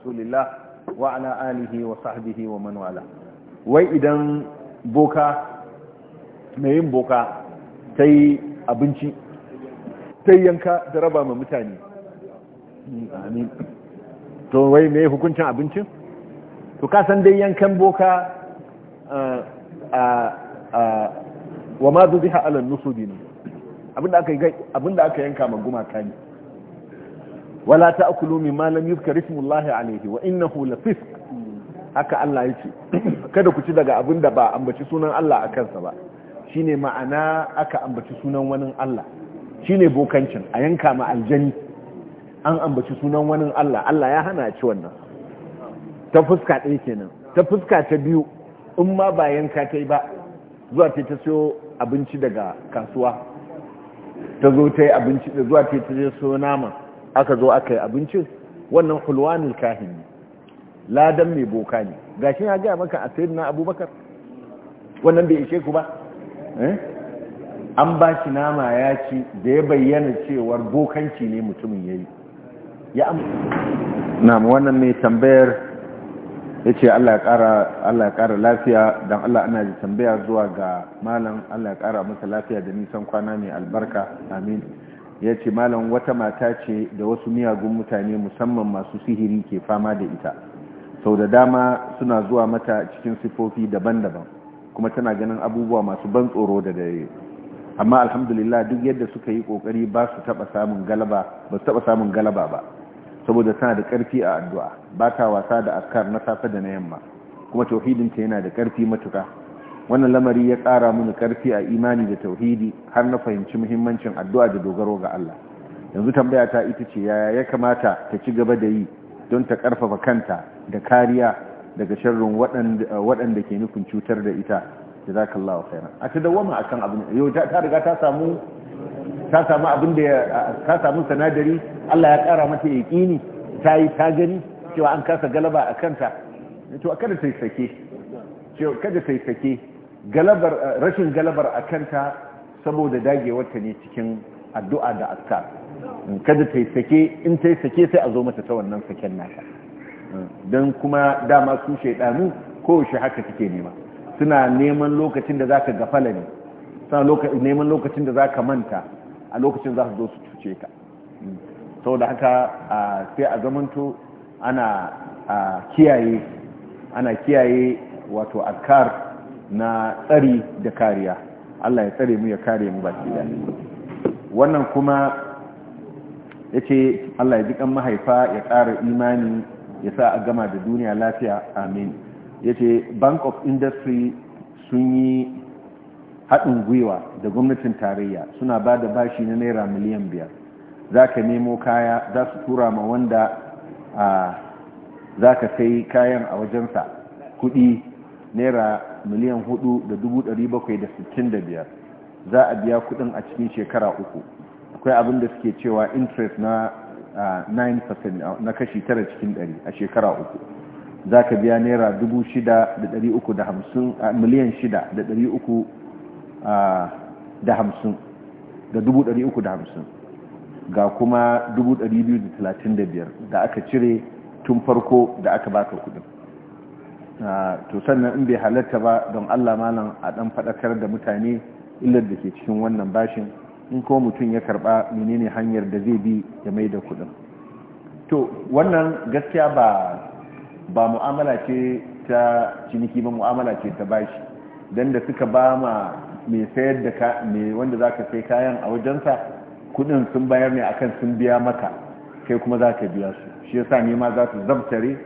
rasulillah wa ala alihi wa sahbihi wa man wala wai idan boka mai yin boka ta yi abinci ta yanka da raba ma mutane amin to wai mai hukuncin abincin to kasan dai yankan boka eh, wa ma zubiha ala nusubi ne abinda aka yanka ma gumaka ne wala ta'kulu mimma lam yuzkar ismullahi alayhi wa innahu lafisq haka Allah yake kada ku ci daga abin da ba ambaci sunan Allah a kansa ba shine ma'ana aka ambaci sunan wani Allah shine bokancin a yanka ma aljani an ambaci sunan wani Allah Allah ya hana ci wannan ta fuska ɗaya kenan ta fuska ta biyu in ma ba yanka ta yi ba zuwa ta ta siyo abinci daga kasuwa ta zo ta yi abinci da zuwa ta ta siyo nama aka zo aka yi abincin wannan hulwanin kahini ladan mai boka ne shi ya gaya maka a na abubakar wannan bai ishe ku ba eh? an ba shi nama ya ci da ya bayyana cewar bokanci ne mutumin ya yi ya amfani wannan mai tambayar ya ce allah ya kara lafiya don allah ana ji tambaya zuwa ga malam allah ya kara masa lafiya da nisan kwana mai albarka amin ya ce malam wata mata ce da wasu miyagun mutane musamman masu sihiri ke fama da ita sau da dama suna zuwa mata cikin sifofi daban-daban kuma tana ganin abubuwa masu ban tsoro da dare amma alhamdulillah duk yadda suka yi kokari ba su taba samun galaba ba su taba samun galaba ba saboda tana da karfi a addu'a ba ta wasa da askar na safe da na yamma kuma tauhidinta yana da karfi matuka wannan lamari ya ƙara mini ƙarfi a imani da tauhidi har na fahimci muhimmancin addu'a da dogaro ga Allah yanzu tambaya ta ita ce yaya ya kamata ta ci gaba da yi don ta ƙarfafa kanta da kariya daga sharrin waɗanda ke nufin cutar da ita da jazakallahu khairan a ta dawama kan abin yau ta riga ta samu ta samu abin da ta samu sanadari Allah ya ƙara mata yaƙini ta yi ta gani cewa an kasa galaba a kanta to kada ta sake kada ta sake galabar eh, rashin galabar a kanta saboda dagewarta ne cikin addu'a da askar kada ta sake in ta sake sai a zo mata ta wannan saken nata eh, don kuma dama su shaidanu kowace haka take nema suna neman lokacin da za ka gafala ne suna neman lokacin da za ka manta a lokacin za su zo su cuce ka hmm. sau da haka sai a zamanto ana kiyaye ana kiyaye wato askar. na tsari da kariya Allah ya tsare mu ya kare mu baki da wannan kuma yace Allah ya ji mahaifa ya tsara imani ya sa a gama da duniya lafiya amin yace bank of industry sun yi haɗin gwiwa da gwamnatin tarayya suna ba da bashi na naira miliyan biyar za ka nemo kaya za su tura ma wanda za ka sai kayan a wajensa kuɗi naira miliyan 4,765 za a biya kudin a cikin shekara uku akwai abin da suke cewa interest na 9% na kashi 9 cikin 100 a shekara uku za ka biya naira 6,350 miliyan 6,350 da 350 ga kuma 235 da aka cire tun farko da aka baka kudin Ah, to sannan in bai halatta ba don Allah malam a dan faɗakar da mutane illar da ke cikin wannan bashin in ko mutum ya karɓa menene hanyar da zai bi ya mai da kuɗin to wannan gaskiya ba ba mu'amala ce ta ciniki ba mu'amala ce ta bashi don da suka ba ma mai sayar da ka mai wanda za ka sai kayan a wajensa kudin sun bayar ne akan sun biya maka kai kuma za ka biya su shi yasa ne ma za su zabtare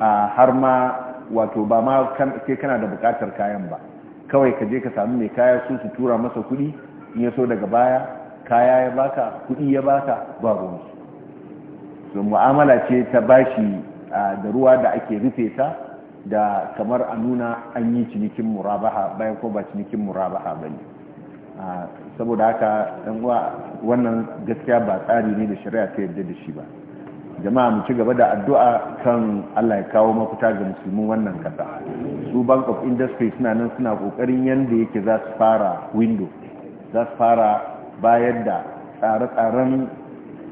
a ah, har ma wato ba ma sai kana da bukatar kayan ba kawai ka je ka samu mai kaya su su tura masa kuɗi in ya so daga baya kaya ya baka kuɗi ya baka ba ruwan su mu'amala ce ta bashi da ruwa da ake rufe ta da kamar a nuna an yi cinikin murabaha bayan ko ba cinikin murabaha ba ne saboda haka wannan gaskiya ba tsari ne da shari'a ta yadda da shi ba jama'a mu ci gaba da addu'a kan Allah ya kawo mafita ga musulmin wannan kasa su bank of industry suna nan suna kokarin yanda yake za su fara window za su fara bayar da tsare-tsaren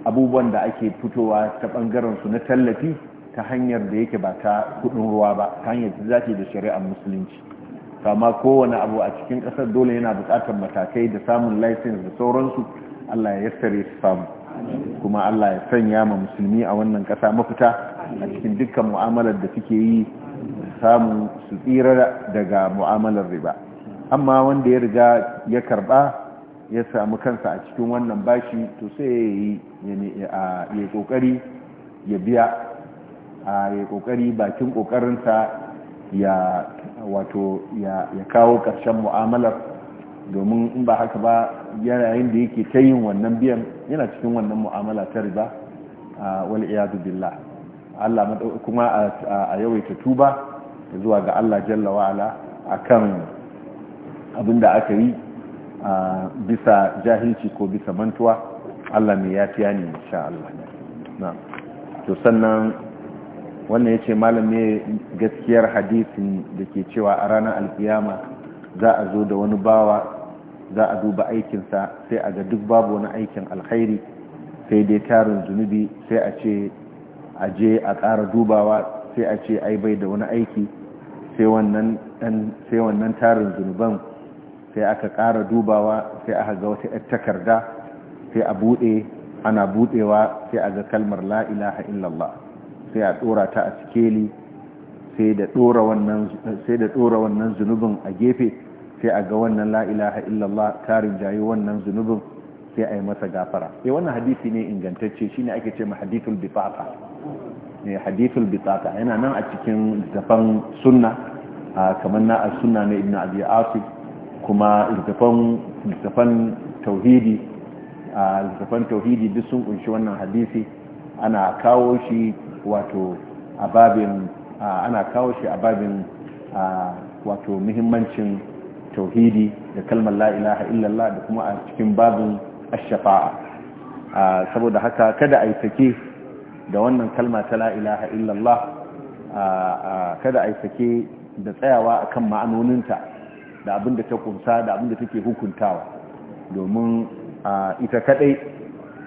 abubuwan da ake fitowa ta bangaren su na tallafi ta hanyar da yake ba ta kudin ruwa ba ta hanyar da zace da shari'ar musulunci kama kowane abu a cikin kasar dole yana bukatar matakai da samun license da sauransu Allah ya yassare su samu kuma Allah ya sanya ma musulmi a wannan ƙasa mafita a cikin dukkan mu'amalar da suke yi samu su tsira daga mu'amalar riba amma wanda ya riga ya karba ya samu kansa a cikin wannan bashi to sai ya yi ya kokari ya biya a ya kokari bakin kokarinsa ya wato ya kawo ƙarshen mu'amalar domin in ba haka ba yanayin da yake ta yin wannan biyan yana cikin wannan mu'amala ta riba wani iyadu billah Allah kuma a yawaita tuba zuwa ga Allah jalla a kan abin da aka yi bisa jahilci ko bisa mantuwa Allah mai yafiya ne insha Allah na to sannan wannan ya ce malamai gaskiyar hadisin da ke cewa a ranar alkiyama za a zo da wani bawa za a duba aikinsa sai a ga duk babu wani aikin alkhairi sai dai tarin zunubi sai a ce a je a ƙara dubawa sai a ce ai bai da wani aiki sai wannan tarin zunuban sai aka ƙara dubawa sai aka ga wata yar takarda sai a buɗe ana buɗewa sai a ga kalmar la'ilaha illallah sai a ɗora ta a sikeli sai da ɗora wannan zunubin a gefe sai a ga wannan la ilaha illallah ta rinjayi wannan zunubin sai a yi masa gafara eh wannan hadisi ne ingantacce shine ake ce ma hadithul bitaqa ne eh, hadithul bitaqa yana nan a cikin littafan sunna kamar na sunna na ibnu abi asif kuma littafan littafan tauhidi littafan tauhidi duk sun kunshi wannan hadisi ana kawo shi wato a ana kawo shi a wato muhimmancin tauhidi da kalmar la ilaha illallah da kuma a cikin babin Ashafa'a. shafaa saboda haka kada ai sake da wannan kalma ta la illallah kada ai sake da tsayawa a kan ma'anoninta da abin da ta kunsa da abin da take hukuntawa domin ita kadai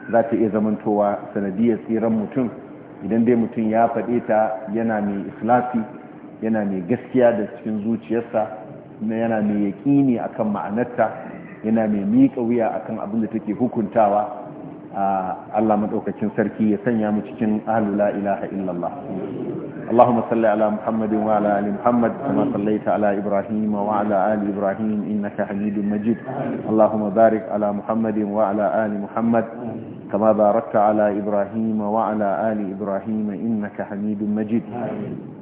za ta iya zamantowa sanadiyar tsiran mutum idan dai mutum ya faɗe ta yana mai islafi, yana mai gaskiya da cikin zuciyarsa na yana mai yaƙini a kan ma'anarta yana mai miƙa wuya a kan abinda take hukuntawa a Allah maɗaukacin sarki ya sanya mu cikin ahalu la ilaha illallah Allahumma salli ala Muhammadin wa ala ali Muhammad kama sallaita ala Ibrahim wa ala ali Ibrahim innaka Hamidum Majid Allahumma barik ala Muhammadin wa ala ali Muhammad kama barakta ala Ibrahim wa ala ali Ibrahim innaka Hamidum Majid Amin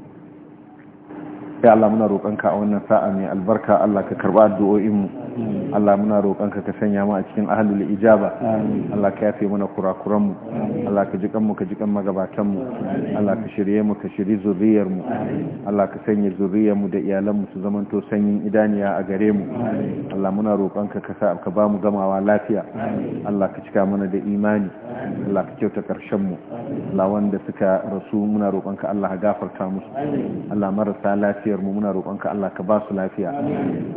ya Allah muna roƙonka a wannan sa'a mai albarka Allah ka karba addu'o'in mu Allah muna roƙonka ka sanya mu a cikin ahlul ijaba Allah ka yafe mana kurakuran mu Allah ka jikan mu ka jikan magabatan mu Allah ka shirye mu ka shiri zuriyar mu Allah ka sanya zuriyar mu da iyalan mu su zamanto sanyin idaniya a gare mu Allah muna roƙonka ka sa ka ba mu gamawa lafiya Allah ka cika mana da imani Allah ka kyauta ƙarshen mu Allah wanda suka rasu muna roƙonka Allah ka gafarta musu Allah marasa lafiya lafiyar mu muna roƙonka Allah ka ba su lafiya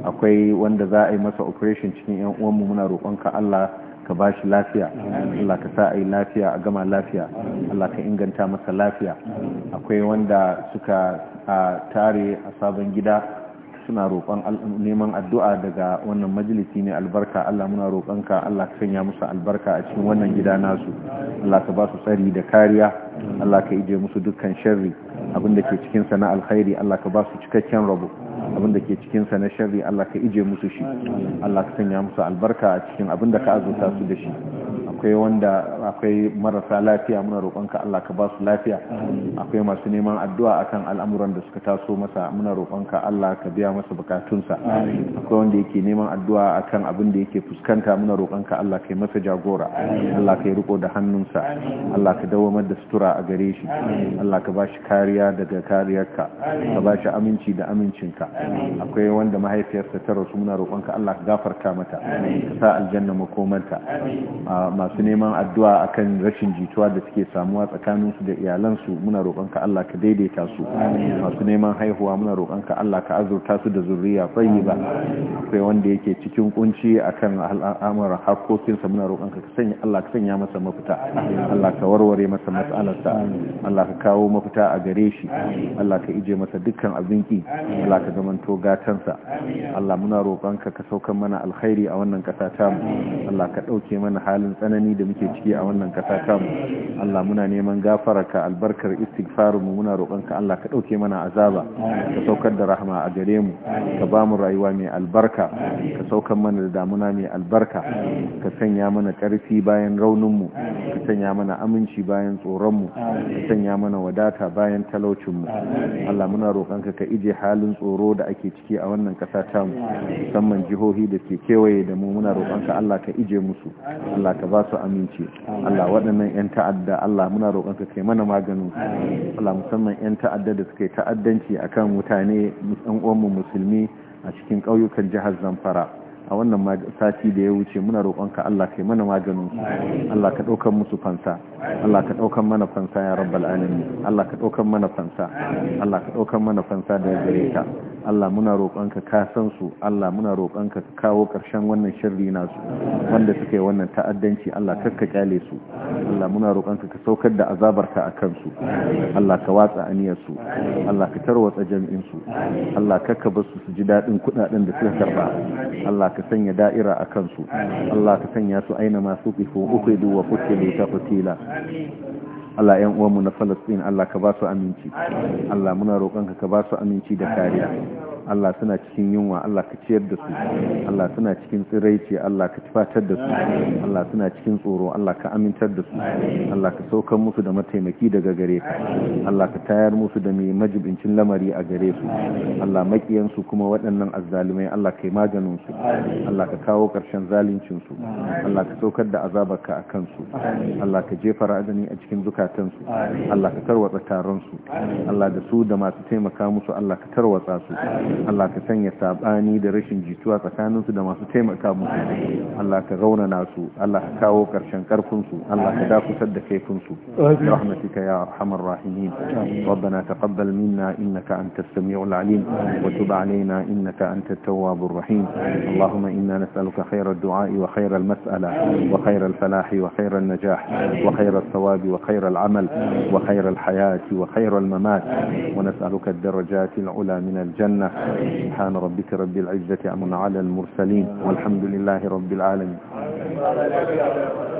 akwai wanda za a yi masa operation cikin yan uwan mu muna roƙonka Allah ka ba shi lafiya Allah ka sa a yi lafiya a gama lafiya Allah ka inganta masa lafiya akwai wanda suka a tare a sabon gida suna roƙon neman addu'a daga wannan majalisi ne albarka Allah muna roƙonka Allah ka sanya musu albarka a cikin wannan gida nasu Allah ka ba su tsari da kariya Allah ka ije musu dukkan sharri abinda da ke cikinsa na alkhairi Allah ka ba su cikakken rabo abin da ke cikinsa na sharri Allah ka ije musu shi Allah ka sanya musu albarka a cikin abin da ka azurta su da shi akwai wanda akwai marasa lafiya muna roƙonka Allah ka ba su lafiya akwai masu neman addu'a akan al'amuran da suka taso masa muna roƙonka Allah ka biya masa bukatunsa akwai wanda yake neman addu'a akan abin da yake fuskanta muna roƙonka Allah ka yi masa jagora Allah ka yi riko da hannunsa Allah ka dawamar da sutura a gare shi Allah ka ba shi kariya daga kariyarka ka ba shi aminci da amincinka akwai wanda mahaifiyarsa ta rasu muna roƙonka Allah ka gafarta mata ka sa aljanna makomarta masu neman addu'a akan rashin jituwa da suke samuwa tsakaninsu da iyalansu muna roƙonka Allah ka daidaita su masu neman haihuwa muna roƙonka Allah ka azurta su da zuriya tsayi ba akwai wanda yake cikin kunci akan al'amuran harkokinsa muna roƙonka ka sanya Allah ka sanya masa mafita Allah ka warware masa matsalarsa Allah ka kawo mafita a gare shi Allah ka ije masa dukkan abinki Allah ka zamanto gatansa Allah muna roƙonka ka saukan mana alkhairi a wannan ƙasa ta mu Allah ka ɗauke mana halin tsanani tsanani da muke ciki a wannan kasa kamu Allah muna neman ka albarkar istighfarin mu muna roƙonka Allah ka ɗauke mana azaba ka saukar da rahama a gare mu ka ba mu rayuwa mai albarka ka saukar mana da damuna mai albarka ka sanya mana ƙarfi bayan raunin mu ka sanya mana aminci bayan tsoron mu ka sanya mana wadata bayan talaucin mu Allah muna roƙonka ka ije halin tsoro da ake ciki a wannan kasa tamu musamman jihohi da ke kewaye da mu muna roƙonka Allah ka ije musu Allah ka ba su aminci Allah waɗannan 'yan ta'adda Allah muna roƙon ka kai mana maganin Allah musamman 'yan ta'adda da suka ta'addanci ta'addanci akan mutane ɗan uwanmu musulmi a cikin ƙauyukan jihar Zamfara a wannan sati da ya wuce muna ka Allah kai mana maganin Allah ka ɗaukar musu fansa Allah ka ɗaukan mana fansa ya rabbal alamin Allah ka ɗaukan mana fansa Allah ka ɗaukan mana fansa da ya gare ka Allah muna roƙonka ka san su Allah muna roƙonka ka kawo ƙarshen wannan shirri nasu wanda suka yi wannan ta'addanci Allah ka kyale su Allah muna roƙonka ka saukar da azabarka a kansu Allah ka watsa aniyarsu. Allah ka tarwatsa jami'in su Allah ka bar su su ji daɗin kuɗaɗen da suka karɓa Allah ka sanya da'ira a kansu Allah ka sanya su aina masu qifo uqidu wa qutilu taqtila Allah ‘yan uwanmu na Falasɗin, Allah ka ba su aminci, Allah muna roƙonka ka ba su aminci da kariya. Allah suna cikin yunwa Allah ka ciyar da su Allah suna cikin tsiraici Allah ka tufatar da su Allah suna cikin tsoro Allah ka amintar da su Allah ka saukar musu da mataimaki daga gare ka Allah ka tayar musu da mai majibincin lamari a gare su Allah makiyan kuma waɗannan azzalumai Allah kai maganin su Allah ka kawo ƙarshen zaluncin su Allah ka saukar da azabarka a kansu. Allah ka jefa ra'adani a cikin zukatan su Allah ka tarwatsa taron su Allah da su da masu taimaka musu Allah ka tarwatsa su Allah ka sanya sabani da rashin jituwa tsakaninsu da masu taimaka musu Allah ka raunana su Allah ka kawo karshen karfinsu Allah ka dakusar da kaifinsu rahmatika ya arhamar rahimin ربنا تقبل منا إنك أنت السميع العليم وتب علينا إنك أنت التواب الرحيم اللهم إنا نسألك خير الدعاء وخير المسألة وخير الفلاح وخير النجاح وخير الثواب وخير العمل وخير الحياة وخير الممات ونسألك الدرجات العلى من الجنة سبحان ربك رب العزة عمن على المرسلين والحمد لله رب العالمين